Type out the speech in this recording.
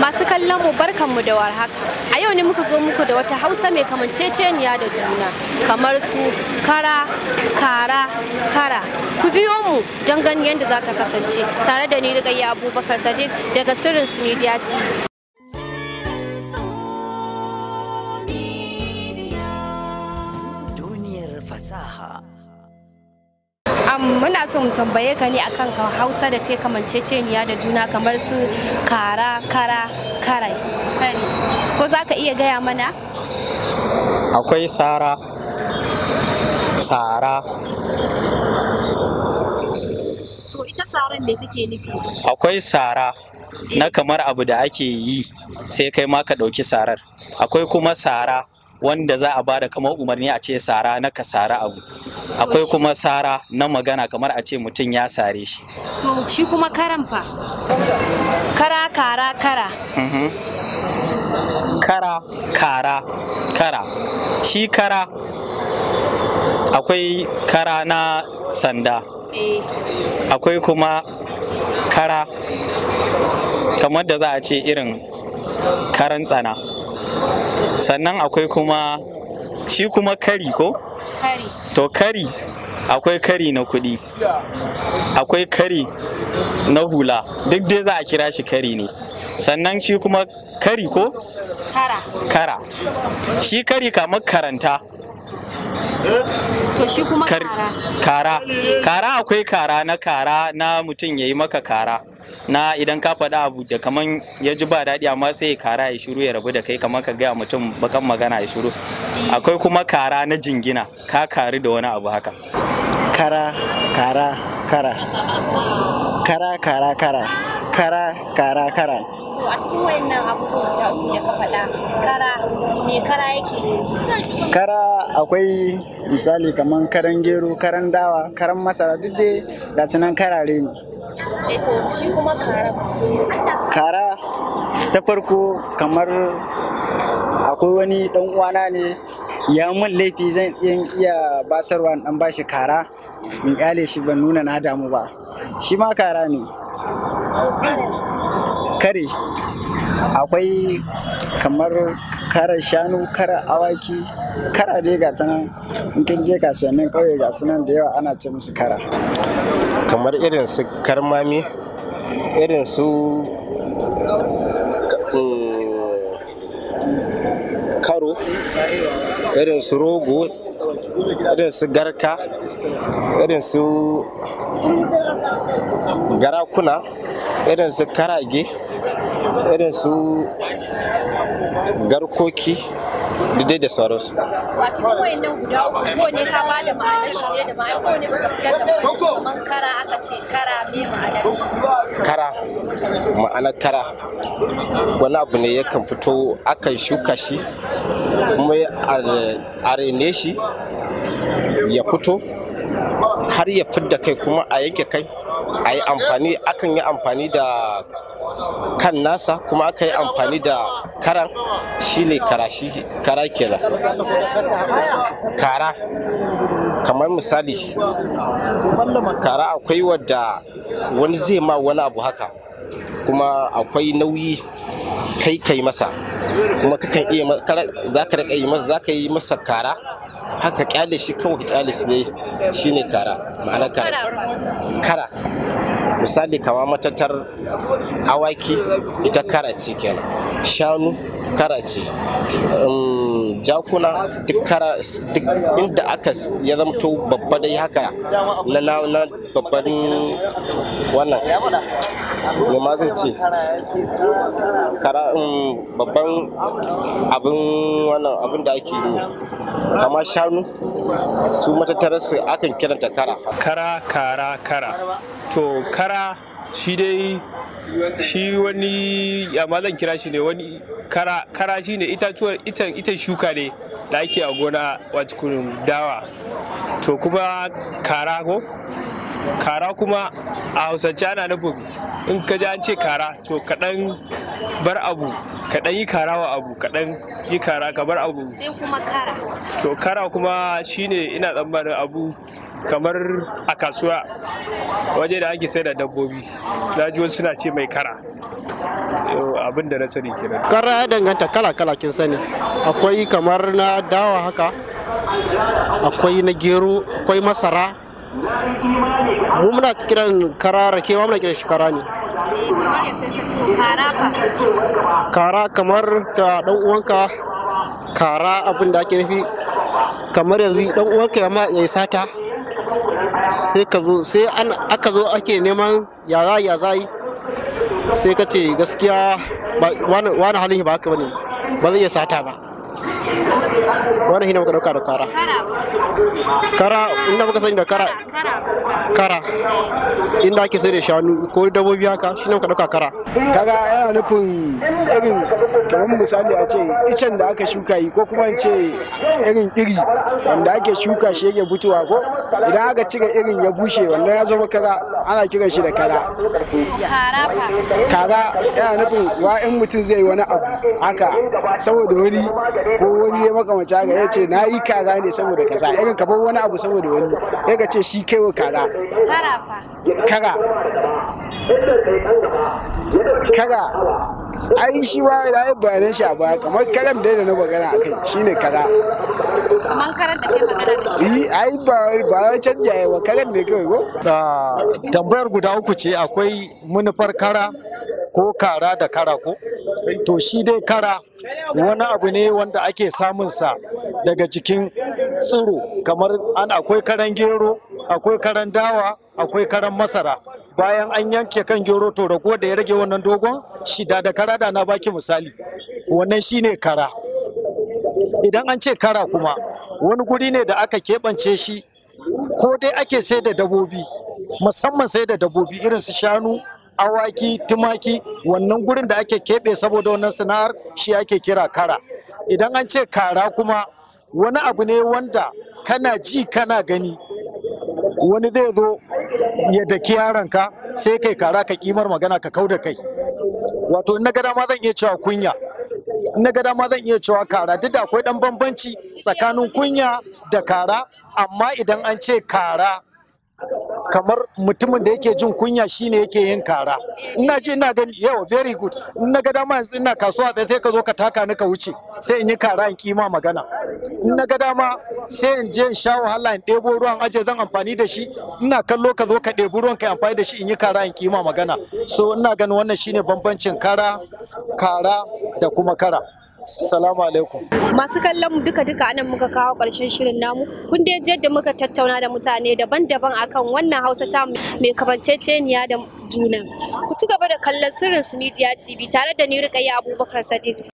masu kallon mu barkan mu da warhaka a yau ne muka zo muku da wata hausa mai kamanceceniya da juna kamar su kara kara kara ku biyo mu don gani yadda za ta kasance tare da ni rigayya abubakar sadiq daga sirrin media tv fasaha muna so mu tambaye ka ne akan hausa da ta kamanceceniya da juna kamar su kara kara karai ko za ka iya gaya mana akwai sara sara to ita sara me take nufi akwai sara eh. na kamar abu da ake yi sai kai ma ka ɗauki sarar akwai kuma sara wanda za a bada kamar umarni a ce sara na ka sara abu akwai kuma sara na magana kamar a ce mutum ya sare shi to shi kuma karan fa kara kara kara mm-hmm. kara kara kara shi kara akwai kara na sanda eh. akwai kuma kara kamar da za a ce irin karan tsana sannan akwai kuma shi kuma kari ko? kari to kari akwai kari na kuɗi akwai kari na hula duk dai za a kira shi kari ne sannan shi kuma kari ko? kara kara shi kari kamar karanta to shi kuma kara kara kara akwai kara na kara na mutum ya yi maka kara na idan ka faɗa abu da kaman ya ji ba daɗi amma sai ya kara ya shiru ya rabu da kai kamar ka gaya mutum bakan magana ya shiru eh. akwai kuma kara na jingina ka kari da wani abu haka kara kara kara kara kara kara kara kara kara to a cikin wayannan abubuwan da ka faɗa kara kara akwai misali kamar karan gero karan dawa karan masara duk dai ga sunan karare ne eto shi kuma kara kara ta farko kamar akwai wani dan uwana ne ya mun laifi zan iya basarwa dan bashi kara in kyale shi ban nuna na damu ba shi ma kara ne kare akwai kamar karar shanu karar awaki kara dai ga nan in kin je kasuwannin kauye ga sunan da yawa ana ce musu kara kamar irin su karmami irin su mm, karo irin su rogo irin su garka irin su garakuna irin su karage irin su garkoki dai da sauransu. A cikin nan guda uku ko ne ka bada ma'anar shi ne da ma'anar ko ne baka fitar da ma'anar shi kamar kara aka ce kara me ma'anar shi. Kara ma'anar kara wani abu ne yakan fito akan shuka shi kuma ya rene shi ya fito har ya fidda kai kuma a yanke kai a yi amfani akan yi amfani da kan nasa kuma aka yi amfani da karan shine ne kara kenan kara kamar misali kara akwai wadda wani zai ma wani abu haka kuma akwai nauyi kai kai masa kuma kakan iya za ka rika yi masa za ka yi masa kara haka kyale shi kawai kyale shi ne shine kara ma'ana kara kara misali kama matatar awaki ita karaci kenan shanu karaci um, jakuna duk inda aka ya zamto babba dai haka na na babban wannan ne ma zai ce kara um, babban abin wannan abin da ake yi kama shanu su matatararsu akan kiranta kara kara kara kara to kara shi dai shi wani amma zan kira shi ne wani kara kara shi ne itatuwar itan ita shuka ne da ake a gona wato dawa to kuma kara ko kara kuma a hausance ana nufin in ka ji an ce kara to kaɗan bar abu kaɗan yi kara wa abu kaɗan yi kara ka bar abu sai kuma kara to kara kuma shine ina tsammanin abu kamar a kasuwa waje da ake sai da dabbobi na wasu suna ce mai kara abin da na sani kenan kara ya danganta kala kala kin sani akwai kamar na dawa haka akwai na gero akwai masara mu muna kiran kara rake ma muna kiran shi kara ne kara kamar ka dan uwanka kara abin da ake nufi kamar yanzu dan uwanka ya yi sata sai ka zo sai an aka zo ake neman yaza yaza yi sai ka ce gaskiya wani halin ba ka bane ba zai iya sata ba wani hina muka dauka da kara kara inda muka sani da kara kara eh. inda ake sai da shanu ko dabbobi haka shi ne muka dauka kara kaga yana nufin irin kamar misali a ce icen da aka shuka yi ko kuma in ce irin iri wanda ake shuka shi yake butuwa ko idan aka cire irin ya bushe wannan ya zama kara ana kiran shi da kara kara yana nufin wa'in mutum zai yi wani abu haka saboda wani ko wani ya maka mace ga ce na yi kara ne saboda kaza irin ka bar wani abu saboda wani ya ka ce shi kai wa kara kara kara ai shi ba da ya bayanan shi a baya kamar karan da na magana akai shine kara kamar karan da kai magana da shi ai ba ba ya canja yawa wa karan ne kai ko ah, tambayar guda uku ce akwai munufar kara ko kara da kara ko to shi dai kara wani abu ne wanda ake samun sa daga jikin tsiro kamar an akwai karan gero akwai karan dawa akwai karan masara bayan an yanke kan gero to rago da ya rage wannan dogon shi da da kara da na baki misali wannan shi ne kara idan an ce kara kuma wani guri ne da aka keɓance shi ko dai ake sai da dabobi musamman sai da dabobi irin su shanu awaki tumaki wannan gurin da ake keɓe saboda wannan sana'ar shi ake kira kara idan an ce kara kuma wani abu ne wanda kana ji kana gani wani zai zo ya daki yaranka sai kai kara ka kimar magana ka kau da kai wato in na gada ma zan iya cewa kunya gada ma zan iya cewa kara duk da akwai dan bambanci tsakanin kunya da kara amma idan an ce kara kamar mutumin da yake jin kunya shine yake yin kara ina ji ina gani yau very good in na ga dama yanzu ina kasuwa tsaye sai ka zo ka taka ni ka wuce sai in yi kara in kima magana in na ga dama sai in je in sha wahala in ɗebo ruwan aje zan amfani da shi ina kallo ka zo ka ɗebi ruwan ka amfani da shi in yi kara in kima magana so ina ganin wannan shine bambancin kara kara da kuma kara Salamu alaikum. Masu kallon mu duka-duka anan muka kawo ƙarshen shirin namu. Kun da yadda muka tattauna da mutane daban-daban akan wannan Hausa ta mai kamanceceniya da juna. Ku ci gaba da kallon sirrin su Media TV tare da ni Rukayya Abubakar Sadiq.